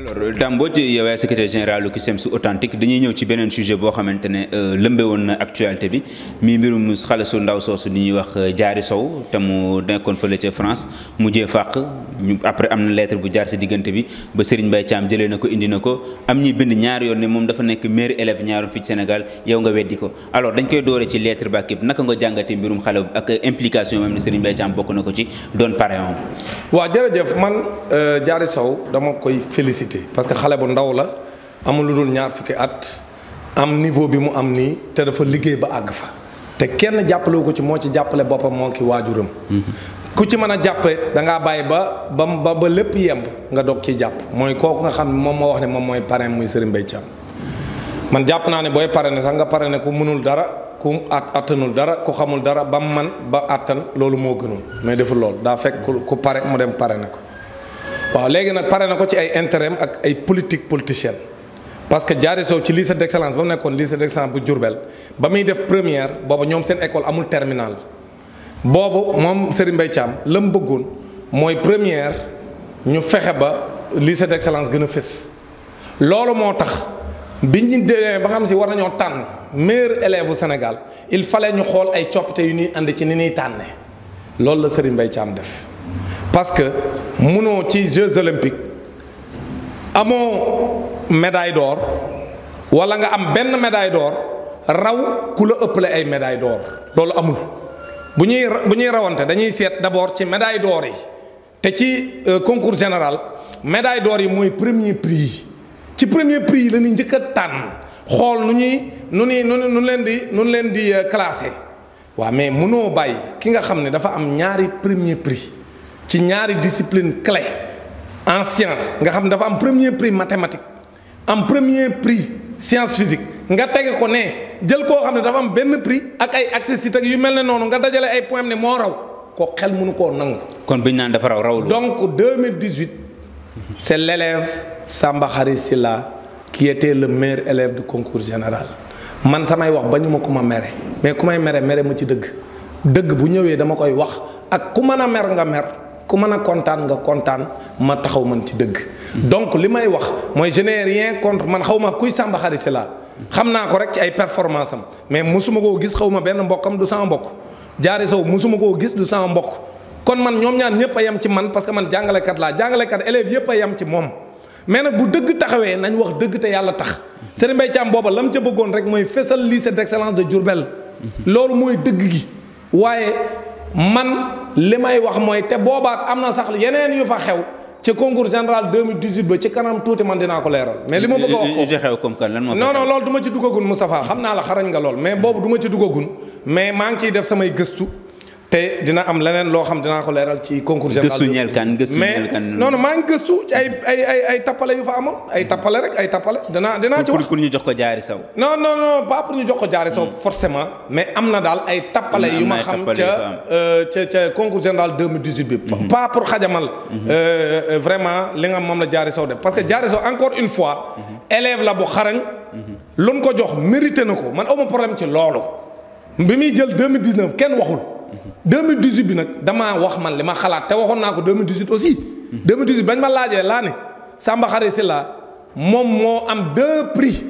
alors euh, Dame Mbodj yow yaay secrétaire général lu CUSEMS authentique dañuy ñëw euh, euh, bu jaar diggante bi ba Serigne Mbaye Thiam jëlee na ko indi na ko am ñuy bind ñaari yoon ne dafa nekk meilleur élève ñaaroon fii ci Sénégal yow nga dañ koy doore ci lettre ba ak naka nga jàngatee mbirum xale ak implication même ne Serigne Mbaye Thiam bokk na ko ci doon pare moom. jërëjëf man Diary Sow dama koy féliciter difficulté parce que xale bu ndaw la amul lu dul ñaar fukki at am niveau bi mu am nii te dafa liggéey ba àgg fa te kenn jàppalewu ko ci moo ci jàppale boppam moo ki waajuram mm-hmm. ku ci mën a jàppe da ngaa bàyyi ba ba ba lépp yemb nga dog ciy jàpp mooy kooku nga xam ne moom moo wax ne moom mooy parrain muy Serigne Mbaye man jàpp naa ne booy parrainé sax nga parrainé ku mënul dara ku at attanul dara ku xamul dara ba mu man ba attan loolu moo gënoon mais deful loolu daa fekk ku pare mu dem pare ne ko waaw léegi nag pare na ko ci ay intérêt ak ay politique politicienne parce que Diary Sow ci lycée d'excellence ba mu nekkoon lycée d'excellence bu Diourbel ba muy def première boobu ñoom seen école amul terminale boobu moom Serigne Mbaye Thiam la mu bëggoon mooy première ñu fexe ba lycée d'excellence gën a fës loolu moo tax bi ñu demee ba nga xam si war nañoo tànn meilleur élève u Sénégal il fallait ñu xool ay coppite yu ñuy indi ci ni ñuy tànne loolu la Serigne Mbaye Thiam def parce que munoo ci Jeux olympiques amoo médaille d'or wala nga am benn médaille d'or raw ku la ëppale ay médaille d'or loolu amul bu ñuy bu ñuy rawante dañuy seet d'abord ci médaille d'or yi te ci euh, concours général médaille d'or yi mooy premier prix ci premier prix yi la ñuy njëkk a tànn xool nu ñuy nu ñuy nu nu leen di nu leen di euh, classé waaw mais mënoo bàyyi ki nga xam ne dafa am ñaari premier prix ci ñaari discipline clé en science nga xam dafa am premier prix mathématique am premier prix science physique nga tege ko ne jël koo xam ne dafa am benn prix ak ay accessibilité yu mel ne noonu nga dajale ay points ne moo raw ko xel mënu koo nangu. kon bi ñu naan dafa raw raw. donc 2018 c' est l' élève Samba Khary Silla qui était le maire élève du concours général man samay wax bañu ma ku ma mere mais ku may mere mere ma ci dëgg dëgg bu ñëwee dama koy wax ak ku mën a mer nga mer. ku mën a kontaan nga kontaan ma taxaw man ci dëgg. donc li may wax mooy je n'ai rien contre man xaw ma kuy Samba Khary Sylla xam naa ko rek ci ay performance am mais mosuma koo gis xaw ma benn mbokkam du sama mbokk jaari sow mosuma koo gis du sama mbokk kon man ñoom ñaan ñëpp a yem ci man parce que man jàngalekat laa jàngalekat élèves yëpp a yem ci moom. mais nag bu dëgg taxawee nañ wax dëgg te yàlla tax Serigne Mbaye Thiam booba la mu ca bëggoon rek mooy fésal lycée d'excellence de Diourbel loolu mooy dëgg gi man li may wax mooy te boobaat am na sax yeneen yu fa xew ci concours général 2018 ba ci kanam tuuti man dinaa ko leeral. mais li ma bëgg a wax foofu xew comme kan lan moo non non ci duggagun Moustapha xam naa la xarañ nga lool mais boobu du ma ci duggagun mais maa ngi ciy def samay gëstu. te dina am leneen loo xam dinaa ko leeral ci concours général gëstu ñeel mais non maa ngi gëstu ci ay ay ay ay tappale ay tappale ay tappale danaa dinaa ci wax jox ko jaari saw non non non ko jaari saw mm. forcément mais am na daal ay tappale yu ma xam ca euh, ca ca concours général 2018 bi mm-hmm. pas pour xajamal mm-hmm. euh, euh, vraiment li nga moom la jaari saw def parce que jaari saw encore une fois mm-hmm. élève la bu xarañ luñ ko jox mérité na ko man awma problème ci loolu bi muy jël 2019 kenn waxul 2018 bi nag damaa wax man li ma xalaat te waxoon naa ko 2018 aussi. 2018 bañ ma laajee laa ne Samba Khare Sylla moom moo am deux prix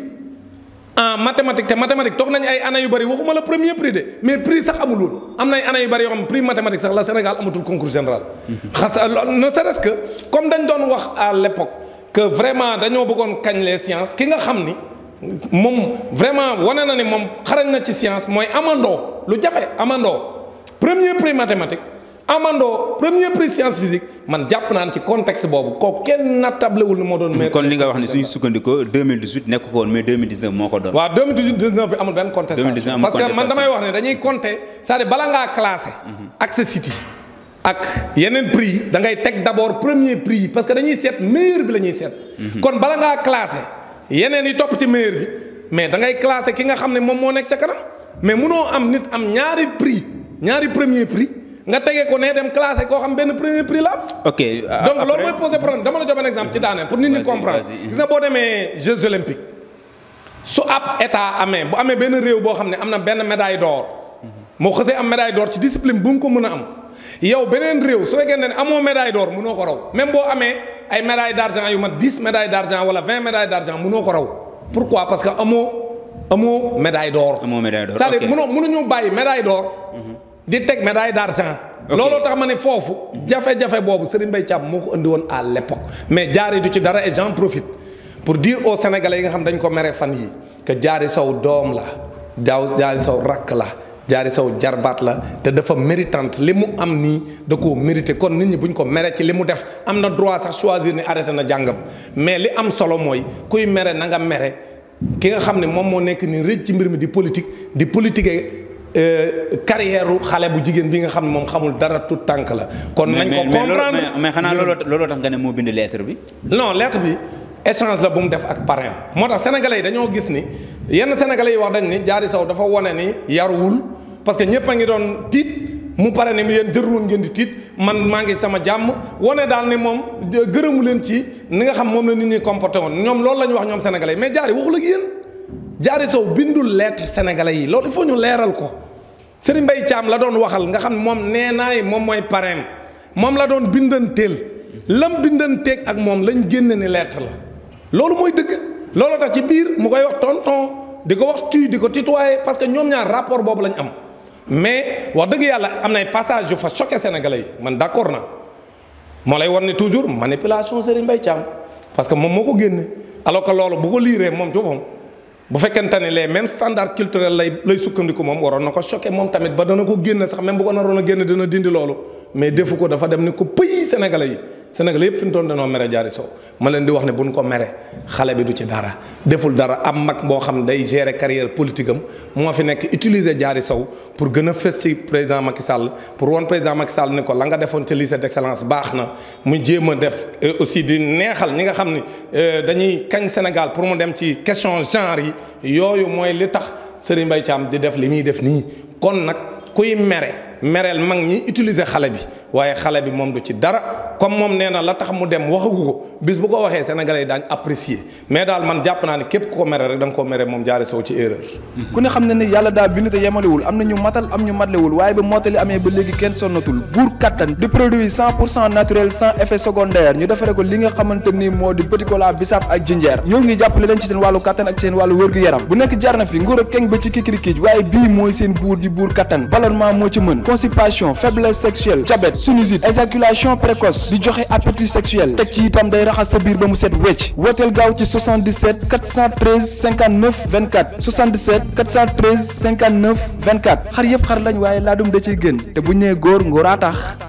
en mathématique te mathématique toog nañ ay année yu bëri waxuma la premier prix de mais prix sax amul woon am na ay année yu bëri yoo xam prix mathématique sax la Sénégal amatul concours général. xas euh, ne serait-ce que comme dañ doon wax à l'époque que vraiment dañoo bëggoon kañ les sciences ki nga xam ni. moom vraiment wane na ne moom xarañ na ci science mooy amandoo lu jafe amandoo premier prix mathématique Amando premier prix science physique man jàpp naan ci contexte boobu kooku kenn nattablewul ni moo doon. mais kon li nga wax ni suñu sukkandikoo 2018 nekk ko woon mais 2019 moo ko doon. waaw 2018 2019 bi amul benn contestation parce que man damay wax ne dañuy compter c'est-à-dire bala mhm. yeneen prix yi da ngay teg d'abord premier prix yi parce que dañuy seet meilleur bi la ñuy seet. Mhm. kon bala ngaa classé yeneen yi topp ci meilleur bi mais da ngay classé ki nga xam ne moom moo nekk ca kanam mais munoo am nit am ñaari prix. ñaari premier prix nga tege ko ne dem classé koo xam benn premier prix la euh, donc loolu mooy poser problème dama la jox am exemple ci daaneel pour nit ñi comprendre gis nga boo demee Jeux olympiques su ab état amee boo amee benn réew boo xam ne am na benn médaille d'or moo xësee am médaille d'or ci discipline bu mu ko mën a am yow beneen réew soo fekkee ne amoo médaille d'or mënoo ko raw même boo amee ay médaille d'argent yu mat 10 médailles d'argent wala 20 médailles d'argent mënoo ko raw pourquoi parce que amoo amoo médaille d'or. amoo médaille d'or c'est-à-dire mënoo mënuñoo bàyyi médaille d'or. Mhm. di teg médaille d'argent looloo tax ma ne foofu jafe-jafe boobu Serigne Mbaye Thiam moo ko indi woon à l'époque mais jaari du ci dara et j'en pour dire aux sénégale yi nga xam dañ ko mere fan yi que jaari saw doom la jaaw jaari saw rakk la jaari saw jarbaat la te dafa méritante li mu am nii da koo mérité kon nit ñi buñ ko mere ci li mu def am na droit sax choisir ni arrêté na jàngam mais li am solo mooy kuy mere na nga mere ki nga xam ne moom moo nekk nii rëj ci mbir mi di politique di politiquer Euh, carrière xale bu jigéen bi nga xam ne moom xamul dara tout tànk la. kon nañ ko comprendre mais xanaa looloo tax nga ne moo bind lettre bi. non lettre bi échange la bu mu def ak parrain moo tax sénégalais yi dañoo gis ni yenn sénégalais yi wax dañ ni Diary saw dafa wone ni yaruwul parce que ñëpp a ngi doon tiit. mu pare ne yéen jëruwoon ngeen di tiit man maa ngi sama jàmm wane daal ne moom gërëmu leen ci ni nga xam moom la nit ñi comporté woon ñoom loolu la ñu wax ñoom sénégalais mais Diary waxul ak yéen. Diary Sow bindul lettre sénégalais yi loolu foo ñu leeral ko Serigne Mbaye Thiam la doon waxal nga xam moom nee naay moom mooy parrain moom la doon bindanteel lam bindanteeg ak moom lañ génne ni lettre la loolu mooy dëgg looloo tax ci biir mu koy wax tonton di ko wax tuy di ko tutoyer parce que ñoom ñaar rapport boobu lañu am mais wax dëgg yàlla am nay passage yu fa choqué sénégalais yi man d'accord na moo lay war ni toujours manipulation Serigne Mbaye Thiam parce que moom moo ko génne alors loolu bu ko liiree moom ci bu fekkente ne les mêmes standards culturels lay lay sukkandiku moom waroon na ko choqué moom tamit ba dana ko génne sax même bu ko naroon a génne dina dindi loolu mais defu ko dafa dem ni ko pays sénégalais yi Sénégal yëpp fi mu toll danoo mere jaari sow ma leen di wax ne buñ ko mere xale bi du ci dara deful dara am mag boo xam day gérer carrière politique am moo fi nekk utiliser jaari sow pour gën a fës ci président Macky Sall pour woon président Macky Sall ni ko la nga defoon ci lycée d'excellence baax na mu jéem a def euh, aussi di neexal ñi nga xam ni euh, dañuy kañ Sénégal pour mu dem ci question genre yi yooyu mooy li tax Serigne Mbaye di def li muy def nii kon nag kuy mere mereel mag ñi utiliser xale bi waaye xale bi moom du ci dara comme moom nee na la tax mu dem waxagu ko bis bu ko waxee sénégalais yi daañ apprécier mais daal man jàpp naa ne képp ku ko mere rek da nga koo mere moom jaare sow ci erreur ku ne xam ne ne yàlla daa bind te yemalewul am na ñu matal am ñu matlewul waaye ba mottali amee ba léegi kenn sonnatul buur kattan di produit cent pour cent naturel sans effet secondaire ñu defare ko li nga xamante ni moo di petit bisaab ak jinjeer ñoo ngi jàppale leen ci seen wàllu kattan ak seen wàllu wërgu-yaram bu nekk jarna fi nguur ak keng ba moo ci mën constipation sinusite éjaculation précoce di joxe appétit sexuel teg ci itam day raxas sa biir ba mu set wecc wooteel gaaw ci 77 413 59 24 77 413 59 24 xar yëpp xar lañ waaye laa laadum da ciy gën te bu ñu nee góor ngóoraa